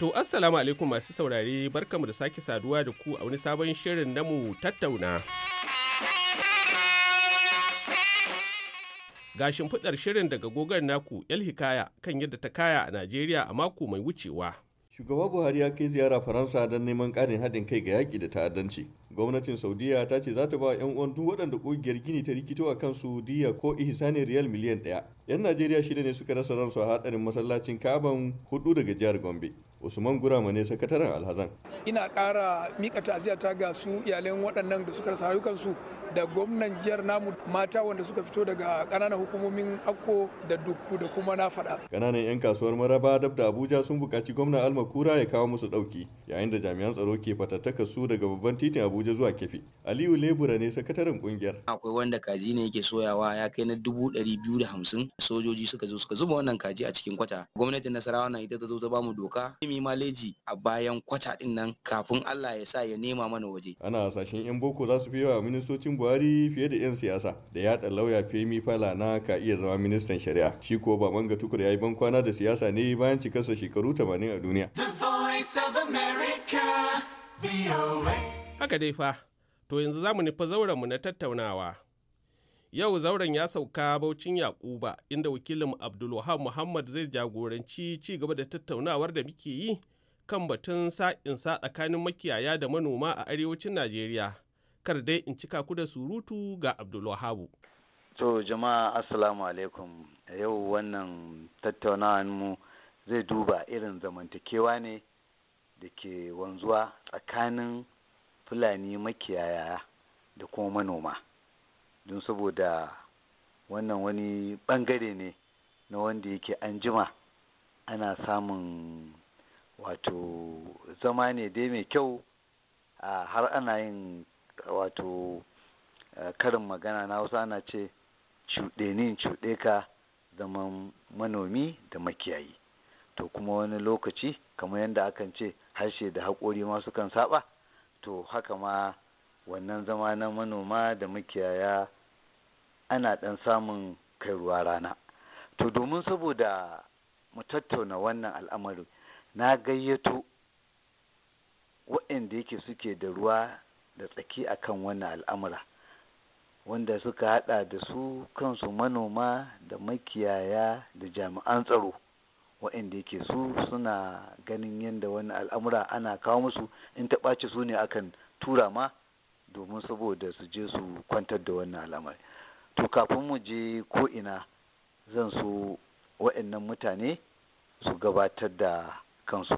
To assalamu alaikum masu saurare barkamu da sake saduwa da ku a wani sabon shirin namu tattauna. Ga shimfiɗar shirin daga gogar naku El Hikaya kan yadda ta kaya a Najeriya a mako mai wucewa. Shugaba Buhari ya kai ziyara Faransa don neman ƙarin haɗin kai ga yaƙi da ta'addanci. Gwamnatin Saudiya ta ce za ta ba 'yan uwan duk waɗanda ƙungiyar Gini ta rikito a kansu diya ko ihsanin riyal miliyan ɗaya. 'Yan Najeriya shida ne suka rasa ransu a haɗarin masallacin Kaban hudu daga jihar Gombe. usman gurama ne sakataren alhazan ina ƙara mika ta ga su iyalan waɗannan da suka rasa rayukansu da gwamnan jihar namu mata wanda suka fito daga ƙananan hukumomin akko da dukku da kuma na faɗa ƙananan 'yan kasuwar maraba dab da abuja sun buƙaci gwamnan kura ya kawo musu ɗauki yayin da jami'an tsaro ke fatattaka su daga babban titin abuja zuwa kefi aliyu lebura ne sakataren ƙungiyar akwai wanda kaji ne yake soyawa ya kai na dubu ɗari biyu da hamsin sojoji suka zo suka zuba wannan kaji a cikin kwata gwamnatin nasarawa na ita ta zo ta bamu doka yi maleji a bayan kwata din nan kafin Allah ya sa ya nema mana waje. Ana hasashen 'yan boko za su fi yawa ministocin Buhari fiye da 'yan siyasa da yaɗa lauya Femi na ka iya zama ministan shari'a. Shi ko ba manga tukur ya yi ban kwana da siyasa ne bayan cikarsa shekaru 80 a duniya. Haka dai fa, to yanzu za mu nufa zauren mu na tattaunawa. Yau zauren ya sauka Baucin Yakuba inda wakilin Abdulwahab Muhammad zai jagoranci ci gaba da tattaunawar da muke yi kan batun sa tsakanin makiyaya da manoma a arewacin Najeriya. Kar dai in cika ku da surutu ga Abdulwahabu. To jama'a assalamu alaikum yau wannan tattaunawar mu zai duba irin zamantakewa ne da ke wanzuwa tsakanin Fulani makiyaya da kuma manoma. don saboda wannan wani bangare ne na wanda yake an jima ana samun wato zama ne dai mai kyau har ana yin wato karin magana na wasu ana ce cuɗe ni cuɗe ka zaman manomi da makiyayi to kuma wani lokaci kamar yadda akan ce harshe da haƙori ma sukan saba to haka ma wannan zama na manoma da makiyaya ana ɗan samun kai ruwa rana to domin saboda mu tattauna wannan al'amari na gayyato waɗanda yake suke da ruwa da tsaki akan wannan al'amura wanda suka haɗa da su kansu manoma da makiyaya da jami'an tsaro waɗanda yake su suna ganin yadda wani al'amura ana kawo musu in ta ɓaci su ne akan tura ma domin saboda su je su kwantar da wannan al'amari to kafin mu je ko ina zan so wa'annan mutane su gabatar da kansu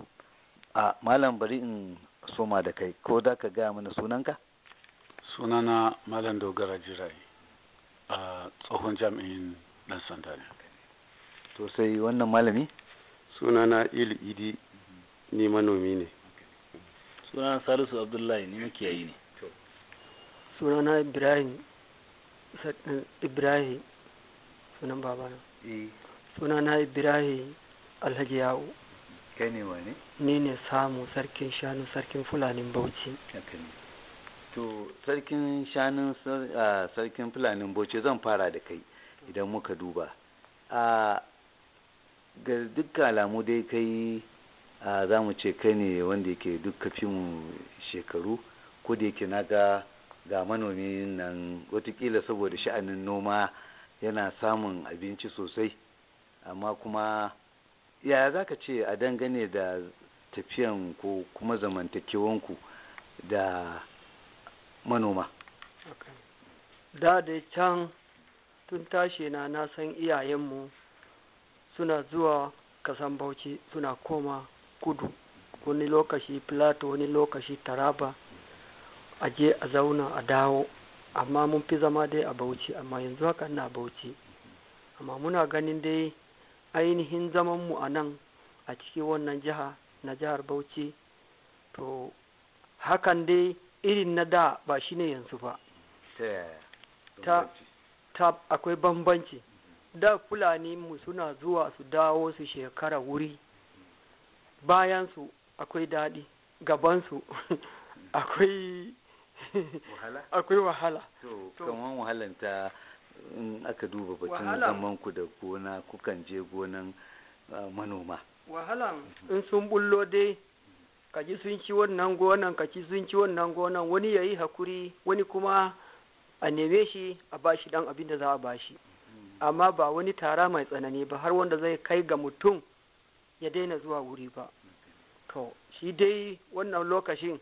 a malam bari in soma da kai ko da ka gaya mana sunanka sunana malam dogara jirai a tsohon jami'in dan sanda ne to sai wannan malami sunana ilu idi ni manomi ne sunana salisu abdullahi ni makiyayi ne sunana ibrahim Eh, ibrahim sunan babana eh. sunana ibrahim alhaji yawo kai ne wane ni ne samu sarkin shanu sarkin fulanin bauchi to sarkin shanun ah, sarkin fulanin bauchi zan fara da kai idan muka duba a ah, ga dukkan alamu dai kai ah, za mu ce kai ne wanda yake duk mu shekaru ko da yake na ga ga manomi nan watakila saboda sha'anin noma yana samun abinci sosai amma kuma yaya za ka ce a dangane da tafiyan ko kuma zamantakewanku da manoma da da can tun tashi na na san iyayenmu suna zuwa kasan bauchi suna koma kudu wani lokaci plato wani lokaci taraba a je a zauna a dawo amma mun fi zama dai a bauchi amma yanzu haka ina bauchi amma muna ganin dai ainihin zamanmu a nan a cikin wannan jiha na jihar bauchi to hakan dai irin na da ba shi ne yanzu ba ta, ta akwai bambanci da fulani mu suna zuwa su dawo su shekara wuri bayan su akwai daɗi gabansu akwai akwai wahala to kaman wahalan ta in aka duba batun zaman ku da gona kukan je gonan ah, manoma wahalan mhm. in sun bullo dai kaji sun ci wannan gonan kaji sun ci wannan gonan wani ya yi hakuri wani kuma a neme shi a bashi dan abin da za a ba shi mhm. amma ba wani tara mai tsanani ba har wanda zai kai ga mutum ya daina zuwa wuri ba to shi dai wannan lokacin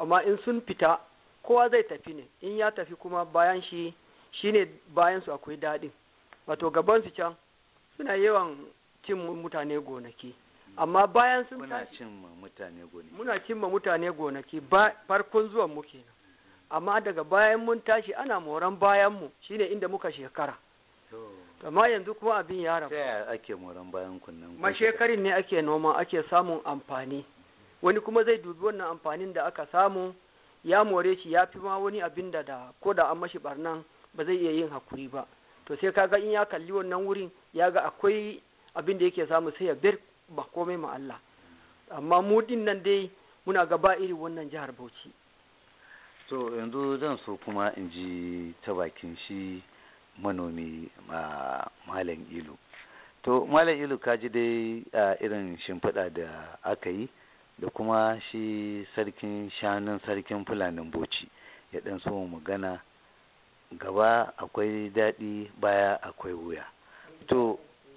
amma in sun fita kowa zai tafi ne in ya tafi kuma bayan shi shine bayan su akwai daɗin wato gaban su can suna yawan cin mutane gonaki amma bayan sun muna cin mutane gonaki muna cin mutane gonaki farkon zuwan mu kenan amma daga bayan mun tashi ana moran bayan mu shine inda muka shekara amma yanzu kuma abin ya rabu ake moran bayan kunnan mashekarin ne ake noma ake samun amfani wani kuma zai dubi wannan amfanin da aka samu ya more shi ya fi ma wani abin da da ko da an mashi barnan ba zai iya yin hakuri ba to sai kaga in ya kalli wannan wurin ya ga akwai abin da yake samu sai ya bar ba komai ma Allah amma mu din nan dai muna gaba irin wannan jihar Bauchi to yanzu zan so kuma in ji ta bakin shi manomi ma malam ilu to malam ilu kaji dai irin shimfiɗa da aka yi da kuma shi sarkin shanun sarkin fulanin boci ya ɗan so magana gaba akwai daɗi baya akwai wuya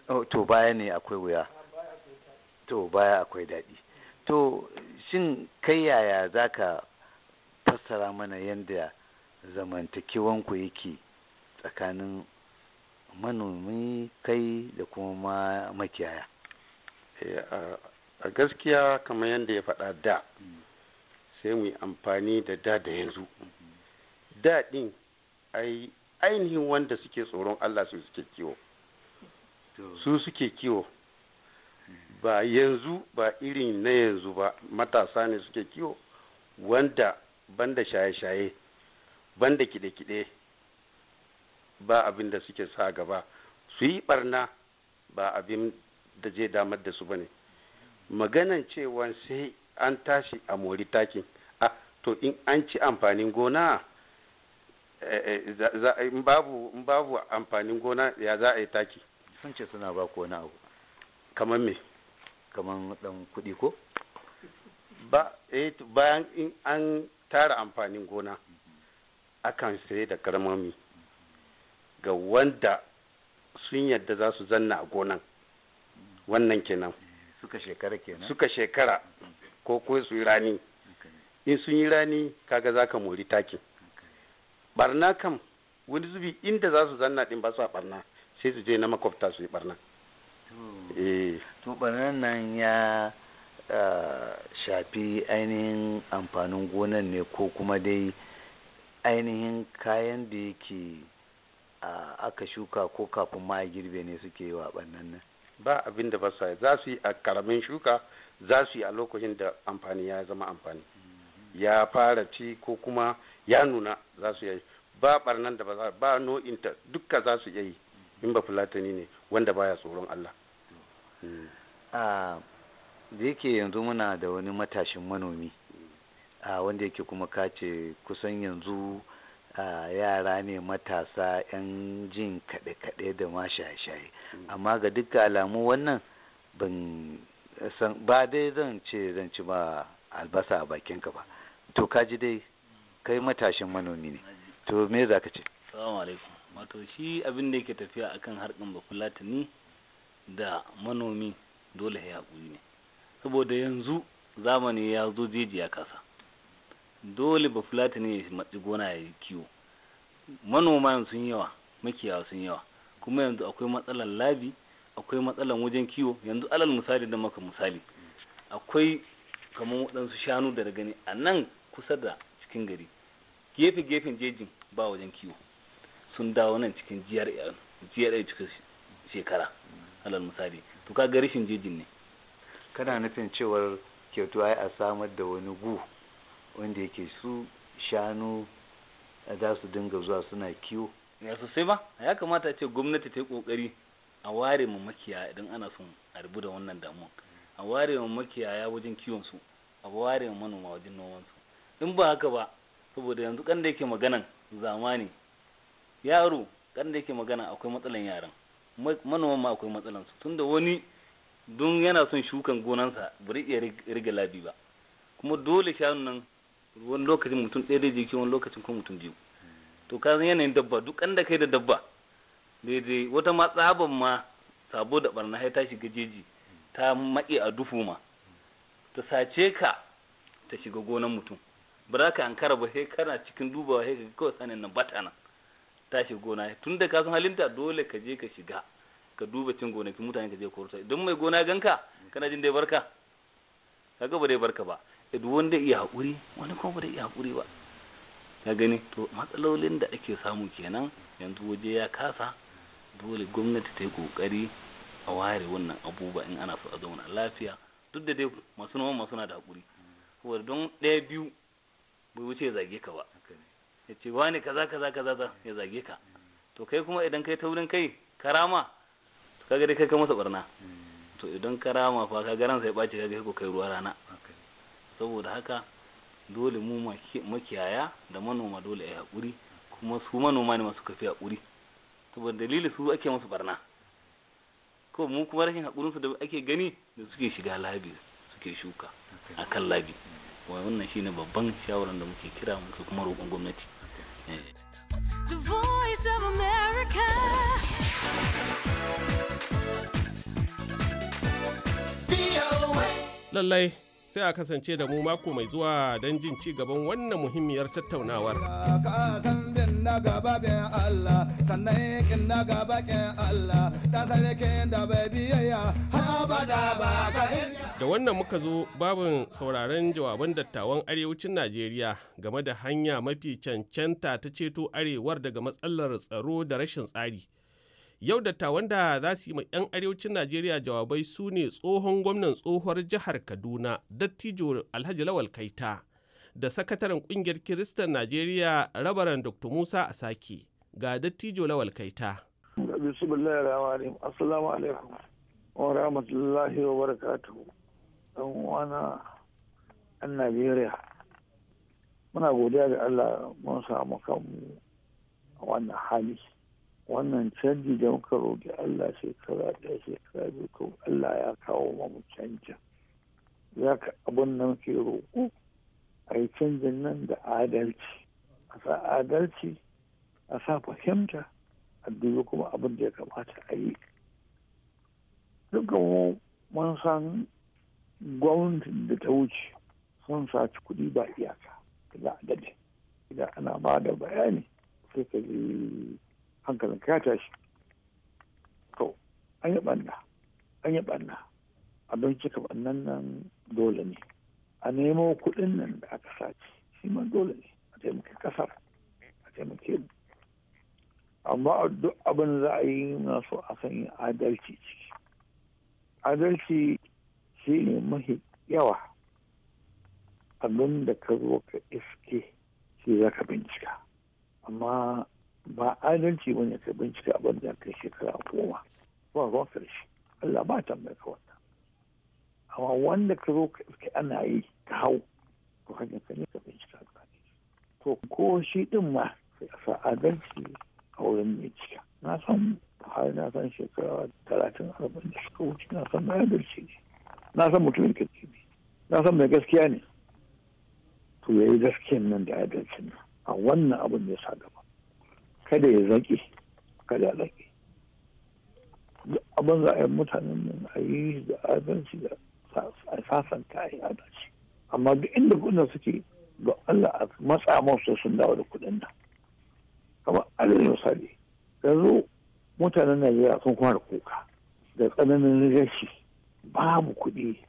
oh, to baya ne akwai wuya to baya akwai daɗi to shin kai yaya za ka fassara mana yadda zamantakewanku yake tsakanin manomi kai da kuma makiyaya eh, a gaskiya kamar yadda ya faɗa da sai mu yi amfani da da da yanzu da ɗin ainihin wanda suke tsoron allah su suke kiwo su suke kiwo ba yanzu ba irin na yanzu ba matasa ne suke kiwo wanda banda shaye-shaye banda kide-kide ba abin da suke sa gaba su yi barna ba abin da zai damar da su ba ne maganan cewa sai an tashi a mori takin a to in an ci amfanin gona eh, eh, in babu amfanin gona ya za a yi taki sun ce suna ba ko wani abu kamar me kamar dan kudi ko ba eh bayan in an tara amfanin gona akan sai da karmami ga wanda sun yadda za su zanna a gonan wannan kenan suka shekara kenan suka shekara ko ko su yi rani in sun yi rani kaga za ka mori takin barna kam wani zubi inda za su zanna din ba su a barna sai su je na makwabta su yi barna to eh. barnan nan ya ah, shafi ainihin amfanin gonan ne ko kuma dai ainihin kayan da yake ah, aka shuka ko kafin ma girbe ne suke yi wa barnan nan ba abin da ba sa za su yi a karamin shuka za su yi a lokacin da amfani ya zama amfani ya fara ci ko kuma ya nuna za su yi ba barnan da ba ba no'inta dukka za su yi in ba fulatani ne wanda baya tsoron Allah hmm. ah, da yake yanzu muna da wani matashin manomi a ah, wanda yake kuma kace kusan yanzu ah, yara ne matasa 'yan jin kaɗe-kaɗe da ma shaye-shaye amma ga dukkan alamu wannan ban san ba dai zan ce zan ci ba albasa a bakin ba to ka ji dai kai matashin manomi ne to me za ka ce salamu alaikum wato shi abin da yake tafiya akan harkan bafulatani da manomi dole ya haƙuri ne saboda yanzu zamani ya zo jeji ya kasa dole bafulatani ya matsi gona ya yi kiwo manoma sun yawa makiyawa sun yawa kuma yanzu akwai matsalan labi akwai matsalan wajen kiwo yanzu alal misali da maka misali akwai kamar waɗansu shanu da gani a nan kusa da cikin gari gefe gefen jejin ba wajen kiwo sun dawo nan cikin GRA cikin shekara alal misali to ka ga rashin jejin ne kana nufin cewar kyautu ai a samar da wani gu wanda yake su shanu za su dinga zuwa suna kiwo ya sosai ba ya kamata ce gwamnati ta yi kokari a ware mu makiyaya idan ana son a rubu da wannan damuwa a ware mu makiyaya wajen kiwon su a ware mu manoma wajen noman su in ba haka ba saboda yanzu kan da yake maganan zamani yaro kan da yake magana akwai matsalan yaran manoman ma akwai matsalan su tunda wani don yana son shukan gonansa bari iya rige labi ba kuma dole shanun nan wani lokacin mutum ɗaya da jiki wani lokacin kuma mutum biyu to ka yanayin dabba duk da kai da dabba daidai wata ma tsaban ma sabo da barna ta shiga jeji ta maƙe a dufu ma ta sace ka ta shiga gonan mutum ba za ka kara ba sai kana cikin dubawa sai ka kawai sanin na bata nan ta shiga gona tun da ka san halinta dole ka je ka shiga ka duba cin gonakin mutane ka je kurta idan mai gona ganka kana jin dai barka kaga ba dai barka ba idan wanda iya haƙuri wani kuma ba dai iya haƙuri ba ya gani to matsalolin da ake samu kenan yanzu waje ya kasa dole gwamnati ta yi kokari a ware wannan abubuwa in ana so a zauna lafiya duk da dai masu noman masu na da hakuri saboda don ɗaya biyu bai wuce ya zage ka ba ya ce wani kaza kaza kaza ya zage ka to kai kuma idan kai taurin kai karama to kaga dai kai ka masa barna hmm. to idan karama fa kaga ran sai ya ɓace kaga kai ko kai ruwa rana saboda haka dole mu makiyaya da manoma dole a yi haƙuri kuma su manoma ne masu kafi haƙuri saboda dalili su ake masu barna ko mu kuma rashin su da ake gani da suke shiga labi suke shuka a kan labi wannan shine babban shawarar da muke kira muke kuma roƙon gwamnati The voice of America. Lallai sai a kasance da mu mako mai zuwa don jin ci gaban wannan muhimmiyar tattaunawar. Da wannan muka zo babin sauraron jawaban dattawan arewacin Najeriya game da hanya mafi cancanta ta ceto arewar daga matsalar tsaro da rashin tsari. Yau dattawan da za su yi ma 'yan arewacin Najeriya jawabai su ne tsohon gwamnan tsohuwar jihar Kaduna, Dattijo Alhaji Lawal Kaita, da sakataren kungiyar Kiristan Najeriya Rabaran Dr. Musa Asaki, ga Dattijo Lawal Kaita. Muna godiya da Allah mun samu kanmu a wannan hali. wannan canji da muka roƙi Allah shekara ɗaya shekara biyu ko Allah ya kawo ma mu canjin za ka abin nan ke roƙo a yi canjin nan da adalci a sa adalci a sa fahimta a dubi kuma abin da ya kamata a yi dukkan mun san gwamnati da ta wuce sun saci kuɗi ba iyaka da adalci idan ana ba da bayani sai ka ji hankalin ka tashi to an yi banna an yi ɓanna a don cika bannan nan dole ne a nemo kuɗin nan da aka sace shi ma dole ne a taimaki ƙasar a taimaki mu amma duk abin za a yi na so a sanya adalci ciki adalci shi ne mahi yawa abin da ka zo ka iske shi za ka bincika amma ba adalci wani ka bincika abin da kai shekara goma ba ruwan karshe Allah ba mai ka wannan amma wanda ka zo ka ana yi ka hau ko hanyar ka ne ka bincika ka to ko shi din ma sai a sa adalci a wurin mai cika na san har na san shekara talatin arba'in da suka wuce na san mai adalci ne na san mutumin kirki ne na san mai gaskiya ne to ya yi gaskiyan nan da adalcin nan a wannan abin da ya sa gaba kada ya zaki kada ya zaƙi abin za a yi mutanen nan a yi da adalci da a sasanta a yi adalci amma duk inda kuna suke ga Allah a matsa masu sun dawo da kudin nan kamar alin misali yanzu mutanen Najeriya sun fara kuka da tsananin rashi babu kudi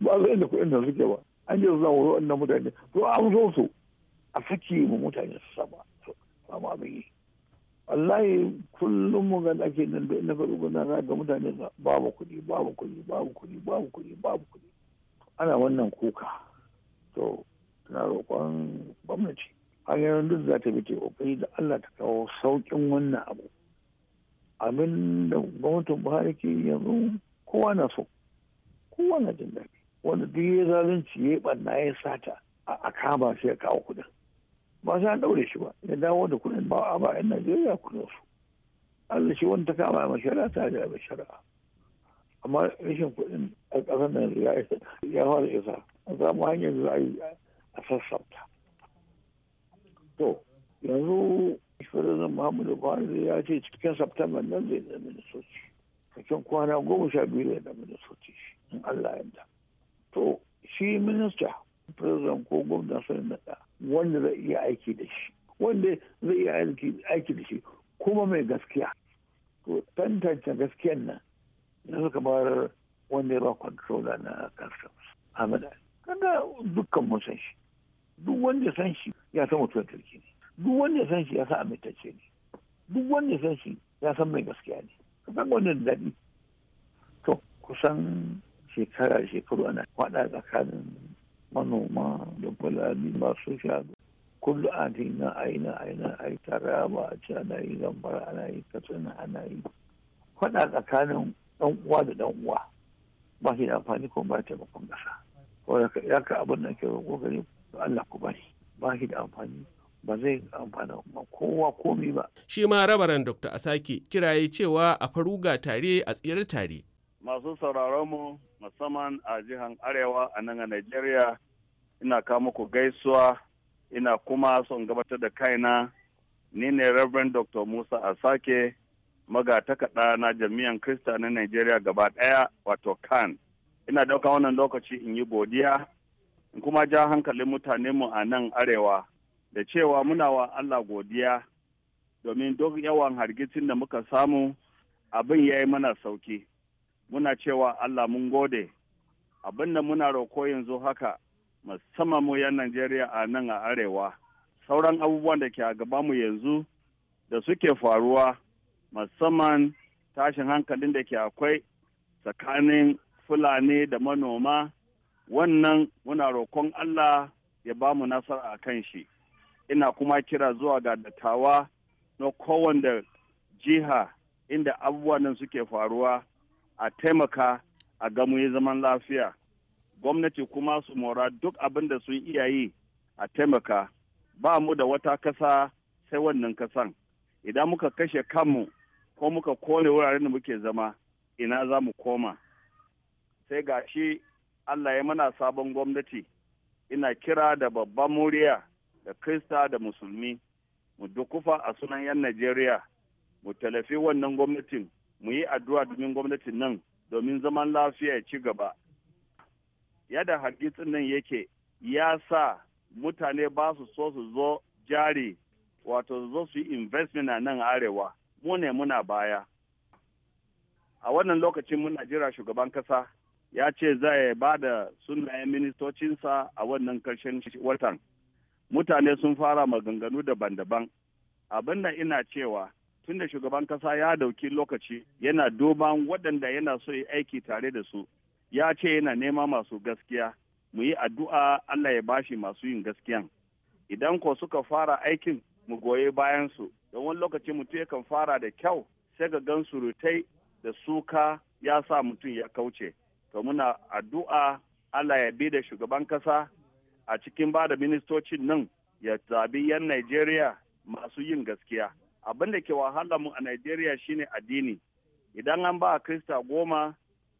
ba zai inda kudin nan suke ba an yi zuwa wurin wannan mutane to an zo su a sake mu mutane su sama ba mu yi wallahi kullum mu ga ake nan da ina faru gudan za ga mutane babu kuɗi babu kuɗi babu kuɗi babu kuɗi babu kuɗi ana wannan kuka to na roƙon gwamnati hanyoyin duk za ta bi ta ƙoƙari da Allah ta kawo sauƙin wannan abu abin da gwamnatin Buhari ke yanzu kowa na so kowa na jin daɗi wanda duk ya zalunci ya ɓanna ya sata a kama sai ya kawo kuɗin ba sai an daure shi ba ya dawo da kuɗin ba a ba yan najeriya kuɗin su allah shi wani ta kama ya mashara ta ga mai shari'a amma rashin kuɗin a ƙasar nan ya ya fara isa a samu hanyar da za a yi a sassauta to yanzu shirin muhammadu buhari ya ce cikin saptamba nan zai zama da soci cikin kwana goma sha biyu da zama da soci in allah yadda to shi minista president ko sanin da ka wanda zai iya aiki da shi wanda zai iya aiki da shi kuma mai gaskiya to tantance gaskiyan nan da suka bar wanda ya ba controller na customs amada kaga dukkan mun san shi duk wanda san shi ya san mutuwar kirki ne duk wanda san shi ya san amintacce ne duk wanda san shi ya san mai gaskiya ne wanda da daɗi to kusan shekara shekaru ana kwaɗa tsakanin manoma da fulani masu shago kullu a na aina aina a yi taraba a ci ana yi zambar ana yi katsina ana yi faɗa tsakanin ɗan uwa da ɗan uwa ba shi da amfani ko ba taimakon ƙasa ko ya ka abin da ke gani gare Allah ku bari ba shi da amfani ba zai amfana kowa komi ba. Shi ma rabaran Dr. sake. kiraye cewa a faruga tare a tsira tare. Masu sauraron mu musamman a jihar Arewa a nan a Najeriya ina kawo muku gaisuwa ina kuma son gabatar da kaina ni ne Reverend Dr. Musa Asake magatakaɗa na jami'an Krista na nigeria gaba ɗaya wato kan. Ina ɗauka wannan lokaci in yi godiya in kuma ja hankalin mu a nan arewa da cewa muna wa Allah godiya domin duk yawan hargitsin da muka samu abin ya yi mana sauki. Muna cewa Allah mun gode abin da muna roko yanzu haka musamman mu 'yan Najeriya a nan a arewa sauran abubuwan da ke a gaba mu yanzu da suke faruwa musamman tashin hankalin da ke akwai tsakanin fulani da manoma wannan muna roƙon Allah ya ba mu nasara a kan shi ina kuma kira zuwa ga dattawa na kowanne jiha inda abubuwan suke faruwa a taimaka a gamu zaman lafiya gwamnati kuma su mora duk abin da sun iya yi a taimaka ba mu da wata kasa sai wannan kasan idan muka kashe kanmu ko muka kone wuraren da muke zama ina za mu koma sai ga shi allah ya mana sabon gwamnati ina kira da babban muriya da krista da musulmi mu dukufa a sunan 'yan najeriya mu talafi wannan gwamnatin mu yi addu'a domin gwamnatin nan domin zaman lafiya ya ci gaba yadda hargitsin nan yake ya sa mutane ba su so su zo jari wato zo su yi investment a nan arewa mu ne muna baya a wannan lokacin muna jira shugaban kasa ya ce zai ba da sunayen ministocinsa a wannan karshen watan mutane sun fara maganganu daban-daban abin da ina cewa tunda shugaban kasa ya dauki lokaci yana duban waɗanda yana so yi aiki tare da su ya ce yana nema masu gaskiya mu yi addu'a Allah ya bashi masu yin gaskiyan idan ko suka fara aikin mu goye bayan su don wani lokaci mutum yakan fara da kyau sai ga gan surutai da suka ya sa mutum ya kauce to muna addu'a Allah ya bi da shugaban kasa a cikin ba da ministocin nan ya zabi yan Najeriya masu yin gaskiya abin da ke wahala mu a Najeriya shine addini idan an ba Krista goma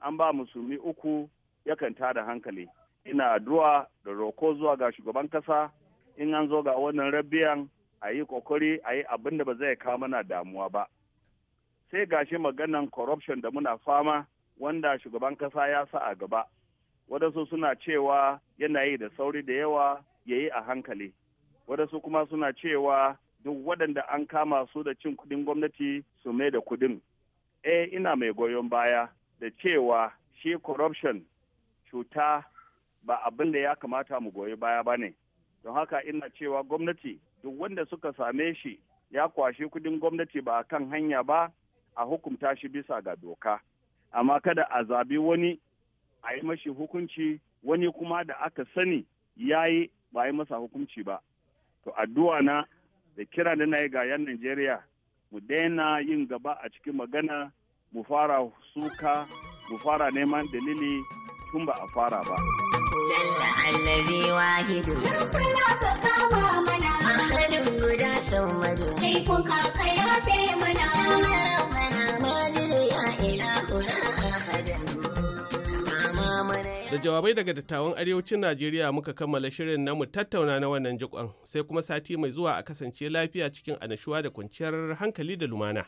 an ba musulmi uku yakan tada hankali ina addu'a da roko zuwa ga shugaban kasa in an zo ga wannan rabbiyan a yi kokari a yi abin da ba zai kawo mana damuwa ba sai gashi maganan corruption da muna fama wanda shugaban kasa ya sa a gaba wadansu suna cewa yana yi da sauri da yawa ya yi a hankali wadansu kuma suna cewa duk waɗanda an kama su da cin kuɗin gwamnati su mai da kuɗin eh ina mai goyon baya da cewa shi corruption cuta ba abin da ya kamata mu goyi baya ba ne don haka ina cewa gwamnati duk wanda suka same shi ya kwashe kudin gwamnati ba a kan hanya ba a hukumta shi bisa ga doka amma kada a zabi wani a yi mashi hukunci wani kuma da aka sani ya yi ba yi masa hukunci ba to addu'a na da kira da na yi ga yan najeriya mu daina yin gaba a cikin magana mu fara suka mu fara neman dalili tun ba a fara ba. Da jawabai daga dattawan arewacin Najeriya muka kammala shirin na mu tattauna na wannan jikon sai kuma sati mai zuwa a kasance lafiya cikin anashuwa da kwanciyar hankali da lumana.